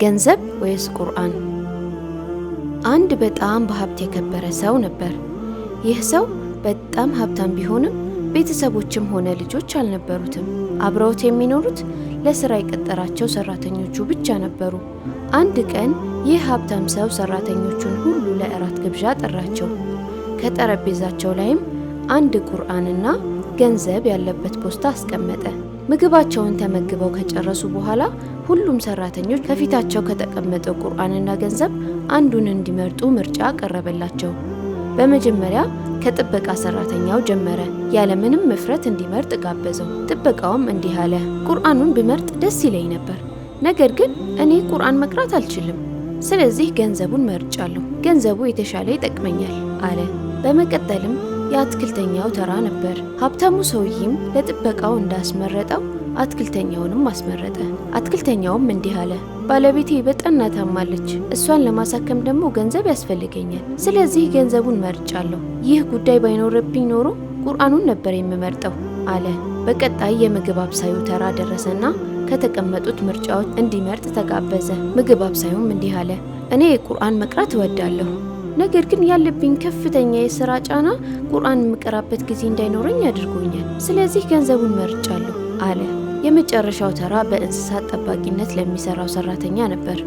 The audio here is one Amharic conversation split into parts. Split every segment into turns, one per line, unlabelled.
ገንዘብ ወይስ ቁርአን? አንድ በጣም በሀብት የከበረ ሰው ነበር። ይህ ሰው በጣም ሀብታም ቢሆንም ቤተሰቦችም ሆነ ልጆች አልነበሩትም። አብረውት የሚኖሩት ለስራ የቀጠራቸው ሰራተኞቹ ብቻ ነበሩ። አንድ ቀን ይህ ሀብታም ሰው ሰራተኞቹን ሁሉ ለእራት ግብዣ ጠራቸው። ከጠረጴዛቸው ላይም አንድ ቁርአንና ገንዘብ ያለበት ፖስታ አስቀመጠ። ምግባቸውን ተመግበው ከጨረሱ በኋላ ሁሉም ሰራተኞች ከፊታቸው ከተቀመጠው ቁርአንና ገንዘብ አንዱን እንዲመርጡ ምርጫ ቀረበላቸው። በመጀመሪያ ከጥበቃ ሰራተኛው ጀመረ። ያለምንም ምፍረት እንዲመርጥ ጋበዘው። ጥበቃውም እንዲህ አለ፣ ቁርአኑን ብመርጥ ደስ ይለኝ ነበር፣ ነገር ግን እኔ ቁርአን መቅራት አልችልም። ስለዚህ ገንዘቡን መርጫለሁ። ገንዘቡ የተሻለ ይጠቅመኛል አለ። በመቀጠልም የአትክልተኛው ተራ ነበር። ሀብታሙ ሰውዬም ለጥበቃው እንዳስመረጠው አትክልተኛውንም አስመረጠ። አትክልተኛውም እንዲህ አለ፣ ባለቤቴ በጠና ታማለች። እሷን ለማሳከም ደግሞ ገንዘብ ያስፈልገኛል። ስለዚህ ገንዘቡን መርጫለሁ። ይህ ጉዳይ ባይኖርብኝ ኖሮ ቁርአኑን ነበር የምመርጠው አለ። በቀጣይ የምግብ አብሳዩ ተራ ደረሰና ከተቀመጡት ምርጫዎች እንዲመርጥ ተጋበዘ። ምግብ አብሳዩም እንዲህ አለ፣ እኔ ቁርአን መቅራት እወዳለሁ። ነገር ግን ያለብኝ ከፍተኛ የስራ ጫና ቁርአን የምቀራበት ጊዜ እንዳይኖረኝ አድርጎኛል። ስለዚህ ገንዘቡን መርጫለሁ አለ። የመጨረሻው ተራ በእንስሳት ጠባቂነት ለሚሰራው ሰራተኛ ነበር።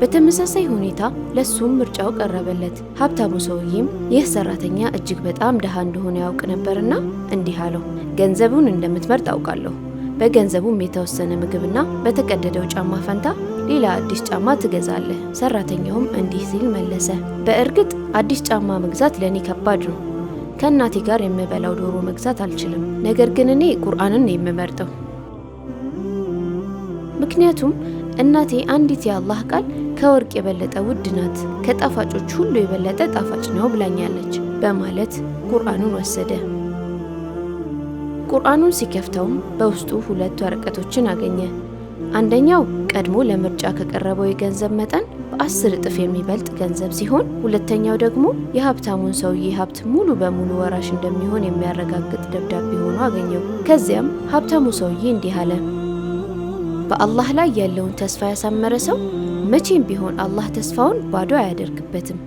በተመሳሳይ ሁኔታ ለሱም ምርጫው ቀረበለት። ሀብታሙ ሰውዬም ይህ ሰራተኛ እጅግ በጣም ድሃ እንደሆነ ያውቅ ነበርና እንዲህ አለው፣ ገንዘቡን እንደምትመርጥ አውቃለሁ። በገንዘቡም የተወሰነ ምግብና በተቀደደው ጫማ ፈንታ ሌላ አዲስ ጫማ ትገዛለህ። ሰራተኛውም እንዲህ ሲል መለሰ፣ በእርግጥ አዲስ ጫማ መግዛት ለእኔ ከባድ ነው። ከእናቴ ጋር የምበላው ዶሮ መግዛት አልችልም። ነገር ግን እኔ ቁርአንን የምመርጠው ምክንያቱም እናቴ አንዲት የአላህ ቃል ከወርቅ የበለጠ ውድ ናት፣ ከጣፋጮች ሁሉ የበለጠ ጣፋጭ ነው ብላኛለች በማለት ቁርአኑን ወሰደ። ቁርአኑን ሲከፍተውም በውስጡ ሁለት ወረቀቶችን አገኘ። አንደኛው ቀድሞ ለምርጫ ከቀረበው የገንዘብ መጠን በአስር እጥፍ የሚበልጥ ገንዘብ ሲሆን ሁለተኛው ደግሞ የሀብታሙን ሰውዬ ሀብት ሙሉ በሙሉ ወራሽ እንደሚሆን የሚያረጋግጥ ደብዳቤ ሆኖ አገኘው። ከዚያም ሀብታሙ ሰውዬ እንዲህ አለ። በአላህ ላይ ያለውን ተስፋ ያሳመረ ሰው መቼም ቢሆን አላህ ተስፋውን ባዶ አያደርግበትም።